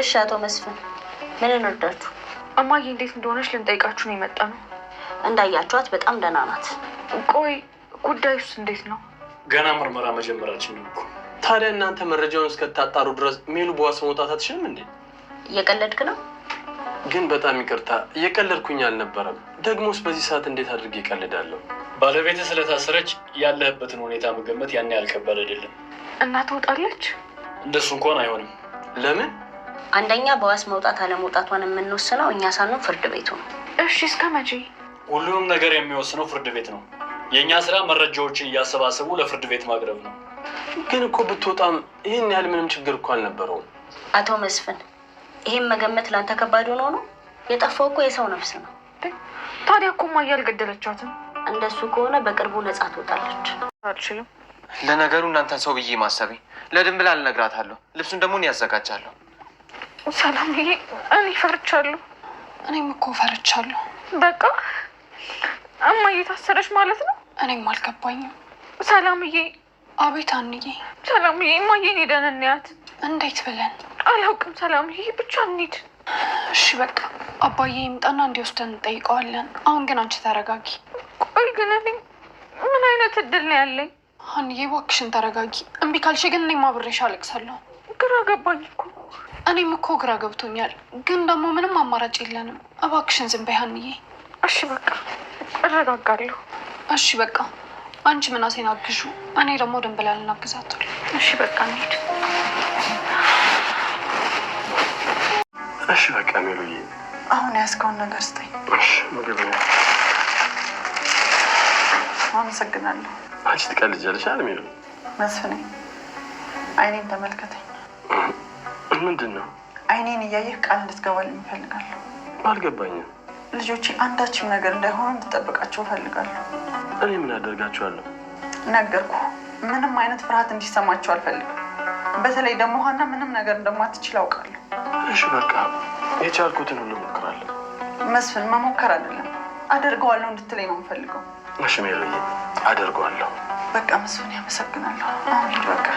እሺ፣ አቶ መስፍን ምን እንርዳችሁ? እማዬ እንዴት እንደሆነች ልንጠይቃችሁ ነው የመጣ ነው። እንዳያችኋት በጣም ደህና ናት። ቆይ ጉዳዩስ እንዴት ነው? ገና ምርመራ መጀመራችን ነው እኮ። ታዲያ እናንተ መረጃውን እስከታጣሩ ድረስ ሜሉ በዋስ መውጣት አትችልም እንዴ? እየቀለድክ ነው። ግን በጣም ይቅርታ፣ እየቀለድኩኝ አልነበረም። ደግሞስ በዚህ ሰዓት እንዴት አድርጌ እቀልዳለሁ? ባለቤት ስለታሰረች ያለህበትን ሁኔታ መገመት ያን ያህል ከባድ አይደለም። እና ትወጣለች? እንደሱ እንኳን አይሆንም። ለምን? አንደኛ በዋስ መውጣት አለመውጣቷን የምንወስነው እኛ ሳንሆን ፍርድ ቤቱ ነው። እሺ፣ እስከ መቼ? ሁሉንም ነገር የሚወስነው ፍርድ ቤት ነው። የእኛ ስራ መረጃዎችን እያሰባሰቡ ለፍርድ ቤት ማቅረብ ነው። ግን እኮ ብትወጣም ይህን ያህል ምንም ችግር እኮ አልነበረውም። አቶ መስፍን፣ ይህም መገመት ላንተ ከባድ ሆኖ ነው። የጠፋው እኮ የሰው ነፍስ ነው። ታዲያ እኮ ማየ አልገደለቻትም እንደሱ ከሆነ በቅርቡ ነጻ ትወጣለች። አልችልም። ለነገሩ እናንተን ሰው ብዬ ማሰቤ ለድንብላል እነግራታለሁ። ልብሱን ደግሞ እኔ ያዘጋጃለሁ። ሰላምዬ፣ እኔ ፈርቻለሁ። እኔም እኮ ፈርቻለሁ። በቃ እማዬ ታሰረች ማለት ነው። እኔም አልገባኝም። ሰላምዬ። አቤት አንዬ። ሰላምዬ፣ እማዬ ሄደን እንያት። እንዴት ብለን አላውቅም። ሰላምዬ፣ ብቻ እንሂድ። እሺ በቃ አባዬ ይምጣና እንዲወስደን እንጠይቀዋለን። አሁን ግን አንቺ ተረጋጊ። ቆይ ግን እኔ ምን አይነት እድል ነው ያለኝ? ሀንዬ እባክሽን ተረጋጊ። እምቢ ካልሽ ግን እኔም አብሬሽ አለቅሳለሁ። ግራ ገባኝ እኮ እኔም እኮ ግራ ገብቶኛል። ግን ደግሞ ምንም አማራጭ የለንም። እባክሽን ዝም በይ ሀንዬ። እሺ በቃ እረጋጋለሁ። እሺ በቃ አንቺ ምናሴን አግዡ፣ እኔ ደግሞ ደንብላልን አግዛታል። እሺ በቃ እንሂድ። እሺ በቃ ሜሉዬ፣ አሁን ያዝከውን ነገር ስጠኝ። እሺ ምግብ አመሰግናለሁ። አንቺ ትቀልጃለሽ አልሚ ነው መስፍኔ፣ አይኔን ተመልከተኝ። ምንድን ነው አይኔን እያየህ ቃል እንድትገባልኝ እፈልጋለሁ። አልገባኝም። ልጆች አንዳችም ነገር እንዳይሆኑ እንድጠብቃቸው እፈልጋለሁ። እኔ ምን አደርጋቸዋለሁ? ነገርኩ። ምንም አይነት ፍርሃት እንዲሰማቸው አልፈልግም። በተለይ ደግሞ ሀና ምንም ነገር እንደማትችል አውቃለሁ። እሺ በቃ የቻልኩትን ሁሉ እሞክራለሁ። መስፍን መሞከር አይደለም አደርገዋለሁ እንድትለኝ ነው የምፈልገው። ሽሜሉ አደርገዋለሁ። በቃ መስፍን ያመሰግናለሁ። በቃ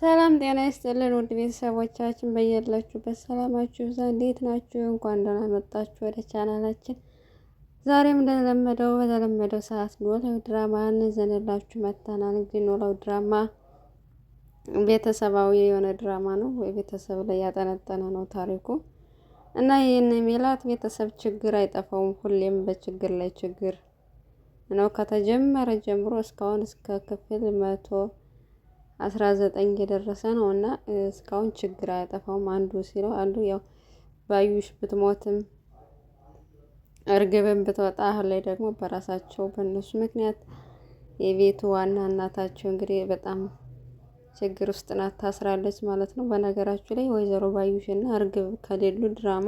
ሰላም ጤና ይስጥልን ውድ ቤተሰቦቻችን በየላችሁበት ሰላማችሁ ዛ እንዴት ናችሁ? እንኳን ደህና መጣችሁ ወደ ቻናላችን። ዛሬም እንደተለመደው በተለመደው ሰዓት ኖላዊ ድራማን ዘንላችሁ መጥተናል። እንግዲህ ኖላዊ ድራማ ቤተሰባዊ የሆነ ድራማ ነው። ቤተሰብ ላይ ያጠነጠነ ነው ታሪኩ እና ይህን ሜላት ቤተሰብ ችግር አይጠፋውም። ሁሌም በችግር ላይ ችግር ነው። ከተጀመረ ጀምሮ እስካሁን እስከ ክፍል መቶ አስራ ዘጠኝ የደረሰ ነው እና እስካሁን ችግር አያጠፋውም። አንዱ ሲለው አንዱ ያው ባዩሽ ብትሞትም እርግብን ብትወጣ፣ አሁን ላይ ደግሞ በራሳቸው በእነሱ ምክንያት የቤቱ ዋና እናታቸው እንግዲህ በጣም ችግር ውስጥ ናት፣ ታስራለች ማለት ነው። በነገራችሁ ላይ ወይዘሮ ባዩሽ እና እርግብ ከሌሉ ድራማ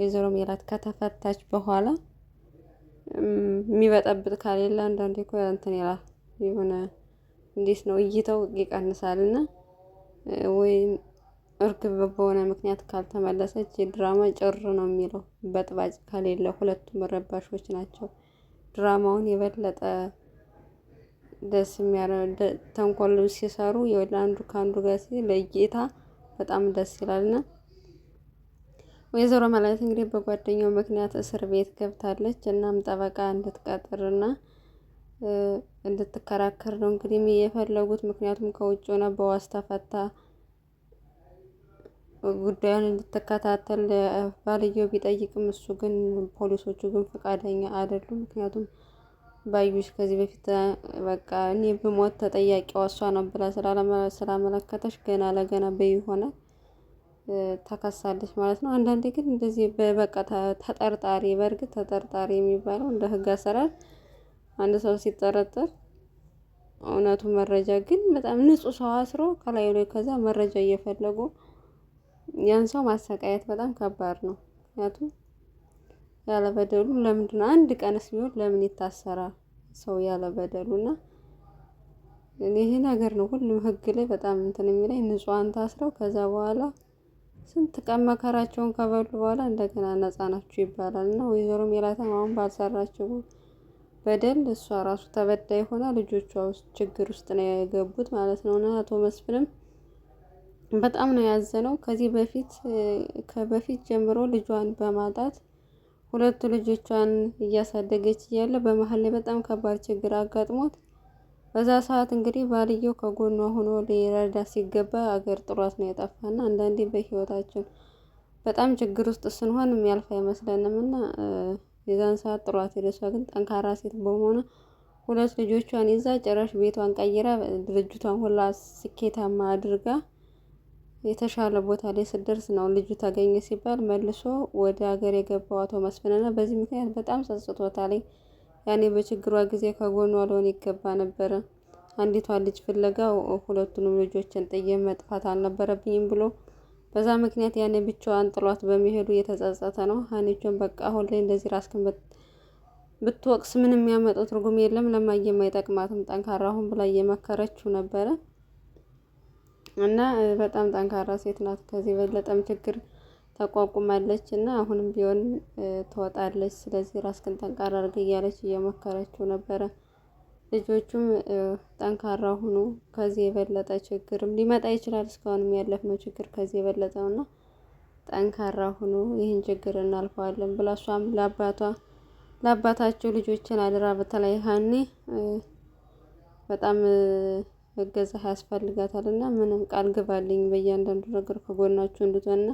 ወይዘሮ ሜላት ከተፈታች በኋላ የሚበጠብጥ ካሌለ አንዳንዴ እኮ እንትን ይላል የሆነ እንዴት ነው እይተው ይቀንሳል እና ወይም እርግብ በሆነ ምክንያት ካልተመለሰች የድራማ ጭር ነው የሚለው በጥባጭ ከሌለ ሁለቱም ረባሾች ናቸው ድራማውን የበለጠ ደስ የሚያደርግ ተንኮል ሲሰሩ አንዱ ከአንዱ ጋር ሲ ለጌታ በጣም ደስ ይላልና ወይዘሮ ማለት እንግዲህ በጓደኛው ምክንያት እስር ቤት ገብታለች። እናም ጠበቃ እንድትቀጥርና እንድትከራከር ነው እንግዲህ የፈለጉት። ምክንያቱም ከውጭ ሆነ በዋስ ተፈታ ጉዳዩን እንድትከታተል ባልየው ቢጠይቅም እሱ ግን ፖሊሶቹ ግን ፈቃደኛ አይደሉም። ምክንያቱም ባዩሽ ከዚህ በፊት በቃ እኔ ብሞት ተጠያቂዋ እሷ ነው ብላ ስላመለከተች ገና ለገና በይ ሆነ ተከሳለች ማለት ነው። አንዳንዴ ግን እንደዚህ በበቃ ተጠርጣሪ በእርግጥ ተጠርጣሪ የሚባለው እንደ ህግ አሰራር አንድ ሰው ሲጠረጠር እውነቱ መረጃ ግን በጣም ንጹሕ ሰው አስሮ ከላዩ ላይ ከዛ መረጃ እየፈለጉ ያን ሰው ማሰቃየት በጣም ከባድ ነው ምክንያቱም ያለበደሉ ለምንድን ነው አንድ ቀንስ ቢሆን ለምን ይታሰራል ሰው ያለበደሉና ይሄ ነገር ነው ሁሉም ህግ ላይ በጣም እንትን የሚለኝ ንጹሐን ታስረው ከዛ በኋላ ስንት ቀን መከራቸውን ከበሉ በኋላ እንደገና ነጻ ናቸው ይባላል እና ወይዘሮ ሜላትም አሁን ባልሰራቸው በደል እሷ ራሱ ተበዳይ ሆና ልጆቿ ውስጥ ችግር ውስጥ ነው የገቡት ማለት ነው። እና አቶ መስፍንም በጣም ነው ያዘነው። ከዚህ በፊት ከበፊት ጀምሮ ልጇን በማጣት ሁለቱ ልጆቿን እያሳደገች እያለ በመሀል ላይ በጣም ከባድ ችግር አጋጥሞት በዛ ሰዓት እንግዲህ ባልየው ከጎኗ ሆኖ ሊረዳ ሲገባ አገር ጥሯት ነው የጠፋና አንዳንዴ በህይወታችን በጣም ችግር ውስጥ ስንሆን የሚያልፍ አይመስለንም እና የዛን ሰዓት ጥሯት ሄደሷ ግን ጠንካራ ሴት በመሆኗ ሁለት ልጆቿን ይዛ ጭራሽ ቤቷን ቀይራ ድርጅቷን ሁላ ስኬታማ አድርጋ የተሻለ ቦታ ላይ ስደርስ ነው ልጁ ታገኘ ሲባል መልሶ ወደ ሀገር የገባው አቶ መስፍንና በዚህ ምክንያት በጣም ጸጽቶታል። ያኔ በችግሯ ጊዜ ከጎኗ ልሆን ይገባ ነበረ። አንዲቷ ልጅ ፍለጋው ሁለቱንም ልጆችን ጥዬ መጥፋት አልነበረብኝም ብሎ በዛ ምክንያት ያኔ ብቻዋን ጥሏት በመሄዱ የተጸጸተ ነው። ሀኒቾን በቃ አሁን ላይ እንደዚህ ራስክን ብትወቅስ ምንም የሚያመጣው ትርጉም የለም፣ ለማየም አይጠቅማትም፣ ጠንካራ ሁን ብላ እየመከረችው ነበረ። እና በጣም ጠንካራ ሴት ናት። ከዚህ በለጠም ችግር ተቋቁማለች እና አሁንም ቢሆን ትወጣለች። ስለዚህ ራስክን ጠንካራ አድርግ እያለች እየመከረችው ነበረ። ልጆቹም ጠንካራ ሁኑ፣ ከዚህ የበለጠ ችግርም ሊመጣ ይችላል። እስካሁንም ያለፍነው ችግር ከዚህ የበለጠው እና ጠንካራ ሁኑ፣ ይህን ችግር እናልፈዋለን ብላ እሷም ለአባቷ ለአባታቸው ልጆችን አድራ በተለይ ሀኒ በጣም እገዛ ያስፈልጋታል እና ምንም ቃል ግባልኝ በእያንዳንዱ ነገር ከጎናችሁ እንድትሆንና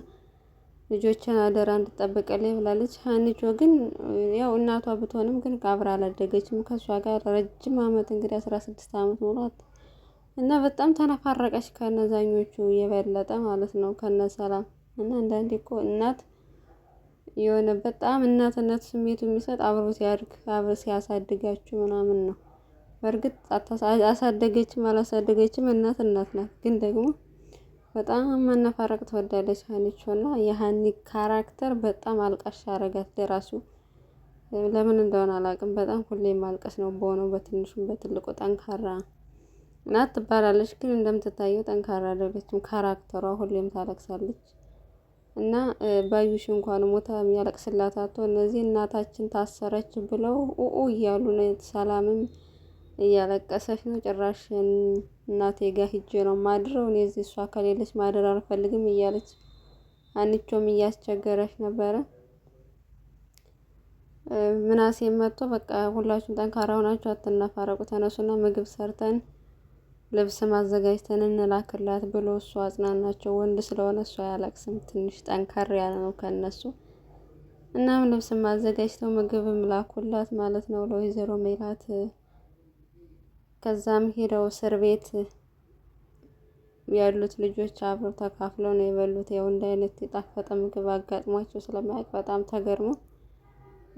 ልጆችን አደራ እንድጠብቅልኝ ብላለች። ሀንቾ ግን ያው እናቷ ብትሆንም ግን ከአብራ አላደገችም። ከእሷ ጋር ረጅም ዓመት እንግዲህ አስራ ስድስት ዓመት ኖሯት እና በጣም ተነፋረቀች ከነዛኞቹ የበለጠ ማለት ነው ከነሰላም እና አንዳንዴ እኮ እናት የሆነ በጣም እናትነት ስሜቱ የሚሰጥ አብሮ ሲያድግ አብሮ ሲያሳድጋችሁ ምናምን ነው። በእርግጥ አሳደገችም አላሳደገችም እናት እናት ናት። ግን ደግሞ በጣም መነፋረቅ ትወዳለች ሀኒቾ እና የሀኒ ካራክተር በጣም አልቃሽ አረጋት። ደራሱ ለምን እንደሆነ አላውቅም። በጣም ሁሌ ማልቀስ ነው በሆነው በትንሹም በትልቁ ጠንካራ ናት ትባላለች። ግን እንደምትታየው ጠንካራ አይደለችም። ካራክተሯ ሁሌም ታለቅሳለች እና ባዩሽ እንኳን ሞታ የሚያለቅስላት አቶ እነዚህ እናታችን ታሰረች ብለው ኡኡ እያሉ ነው ሰላምም እያለቀሰች ነው። ጭራሽ እናቴ ጋ ሂጄ ነው ማድረው እኔ እዚህ እሷ ከሌለች ማደር አልፈልግም እያለች አንቾም እያስቸገረች ነበረ። ምናሴ መጥቶ በቃ ሁላችሁም ጠንካራ ሆናችሁ አትነፋረቁ፣ ተነሱና ምግብ ሰርተን ልብስ ማዘጋጅተን እንላክላት ብሎ እሱ አጽናናቸው። ወንድ ስለሆነ እሱ አያለቅስም፣ ትንሽ ጠንከር ያለ ነው ከነሱ። እናም ልብስ ማዘጋጅተው ምግብም ላኩላት ማለት ነው ለወይዘሮ ሜላት ከዛም ሄደው እስር ቤት ያሉት ልጆች አብረው ተካፍለው ነው የበሉት። ያው እንደ አይነት የጣፈጠ ምግብ አጋጥሟቸው ስለማያውቅ በጣም ተገርሞ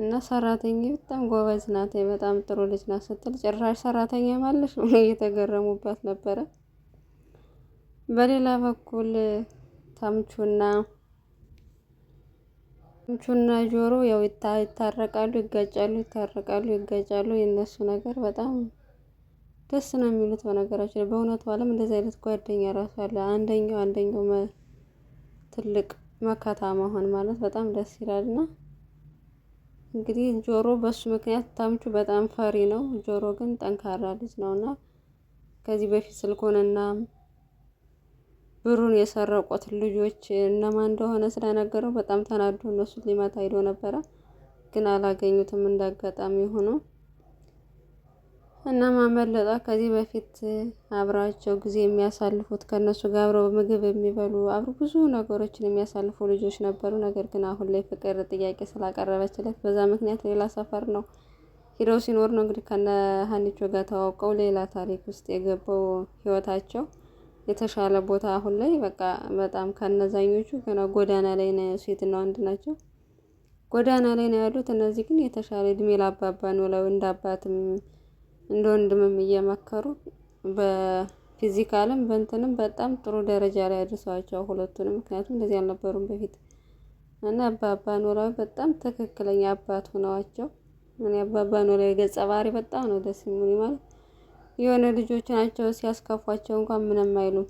እና ሰራተኛ በጣም ጎበዝ ናት፣ በጣም ጥሩ ልጅ ናት ስትል ጭራሽ ሰራተኛ ማለሽ ነው እየተገረሙባት ነበረ። በሌላ በኩል ተምቹና ተምቹና ጆሮ ያው ይታረቃሉ፣ ይጋጫሉ፣ ይታረቃሉ፣ ይጋጫሉ። የእነሱ ነገር በጣም ደስ ነው የሚሉት። በነገራችን ላይ በእውነቱ ዓለም እንደዚህ አይነት ጓደኛ ራሱ አለ። አንደኛው አንደኛው ትልቅ መከታ መሆን ማለት በጣም ደስ ይላል። እና እንግዲህ ጆሮ በሱ ምክንያት ታምቹ በጣም ፈሪ ነው። ጆሮ ግን ጠንካራ ልጅ ነው እና ከዚህ በፊት ስልኩንና ብሩን የሰረቁት ልጆች እነማን እንደሆነ ስለነገረው በጣም ተናዶ እነሱን ሊመታ ሄዶ ነበረ፣ ግን አላገኙትም እንዳጋጣሚ ሆኖ እና ማመለጧ ከዚህ በፊት አብራቸው ጊዜ የሚያሳልፉት ከእነሱ ጋር አብረው ምግብ የሚበሉ አብሮ ብዙ ነገሮችን የሚያሳልፉ ልጆች ነበሩ። ነገር ግን አሁን ላይ ፍቅር ጥያቄ ስላቀረበችለት በዛ ምክንያት ሌላ ሰፈር ነው ሂደው ሲኖር ነው እንግዲህ ከነ ሀኒቾ ጋር ተዋውቀው ሌላ ታሪክ ውስጥ የገባው ህይወታቸው የተሻለ ቦታ አሁን ላይ በቃ በጣም ከነዛኞቹ ገና ጎዳና ላይ ነው። ሴትና ወንድ ናቸው ጎዳና ላይ ነው ያሉት። እነዚህ ግን የተሻለ እድሜ ላባባ ነው ለው እንደ ወንድምም እየመከሩ በፊዚካልም በእንትንም በጣም ጥሩ ደረጃ ላይ አድርሰዋቸዋል ሁለቱንም። ምክንያቱም እንደዚህ አልነበሩም በፊት እና አባባ ኖላዊ በጣም ትክክለኛ አባት ሆነዋቸው። እኔ አባባ ኖላዊ ገጸ ባህሪ በጣም ነው ደስ የሚሉ ማለት የሆነ ልጆች ናቸው ሲያስከፏቸው እንኳን ምንም አይሉም።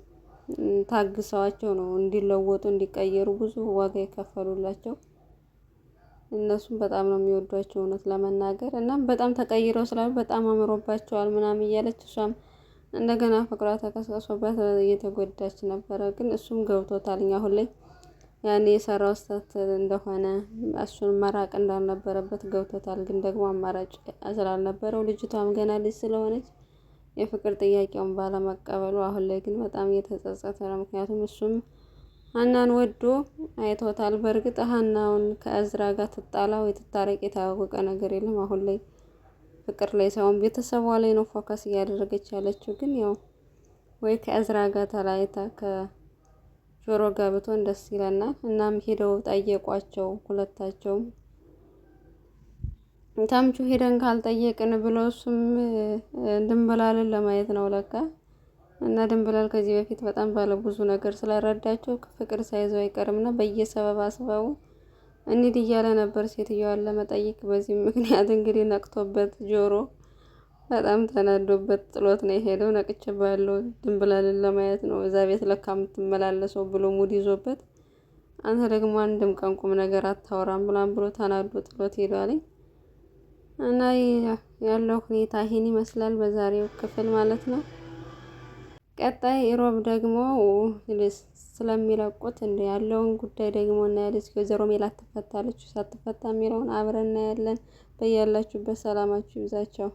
ታግሰዋቸው ነው እንዲለወጡ እንዲቀየሩ ብዙ ዋጋ የከፈሉላቸው እነሱም በጣም ነው የሚወዷቸው እውነት ለመናገር እናም በጣም ተቀይረው ስላሉ በጣም አምሮባቸዋል ምናምን እያለች እሷም እንደገና ፍቅሯ ተቀስቀሶባት እየተጎዳች ነበረ። ግን እሱም ገብቶታል አሁን ላይ ያኔ የሰራው ስህተት እንደሆነ እሱን መራቅ እንዳልነበረበት ገብቶታል። ግን ደግሞ አማራጭ ስላልነበረው ልጅቷም ገና ልጅ ስለሆነች የፍቅር ጥያቄውን ባለመቀበሉ አሁን ላይ ግን በጣም እየተጸጸተ ነው። ምክንያቱም እሱም ሀናን ወዶ አይቶታል። በእርግጥ ሀናውን ከእዝራ ጋር ትጣላ ወይ ትታረቅ የታወቀ ነገር የለም። አሁን ላይ ፍቅር ላይ ሳይሆን ቤተሰቧ ላይ ነው ፎከስ እያደረገች ያለችው። ግን ያው ወይ ከእዝራ ጋር ተለያይታ ከጆሮ ጋር ብትሆን ደስ ይለናል። እናም ሄደው ጠየቋቸው ሁለታቸውም ታምቹ ሄደን ካልጠየቅን ብሎ እሱም ድንብላልን ለማየት ነው ለካ እና ድንብላል ከዚህ በፊት በጣም ባለ ብዙ ነገር ስለረዳቸው ፍቅር ሳይዘው አይቀርም እና በየሰበብ አስባቡ እንሂድ እያለ ነበር ሴትዮዋን ለመጠየቅ። በዚህ ምክንያት እንግዲህ ነቅቶበት ጆሮ በጣም ተናዶበት ጥሎት ነው የሄደው። ነቅቼ ባለው ድንብላልን ለማየት ነው እዛ ቤት ለካ የምትመላለሰው ብሎ ሙድ ይዞበት አንተ ደግሞ አንድም ቀን ቁም ነገር አታወራም ብሏን ብሎ ተናዶ ጥሎት ሄዷልኝ። እና ያለው ሁኔታ ይህን ይመስላል በዛሬው ክፍል ማለት ነው። ቀጣይ ሮብ ደግሞ ስለሚለቁት እንደ ያለውን ጉዳይ ደግሞ እናያለች። ወይዘሮ ሜላት ትፈታለች ሳትፈታ የሚለውን አብረን እናያለን። በያላችሁበት ሰላማችሁ ይብዛቸው።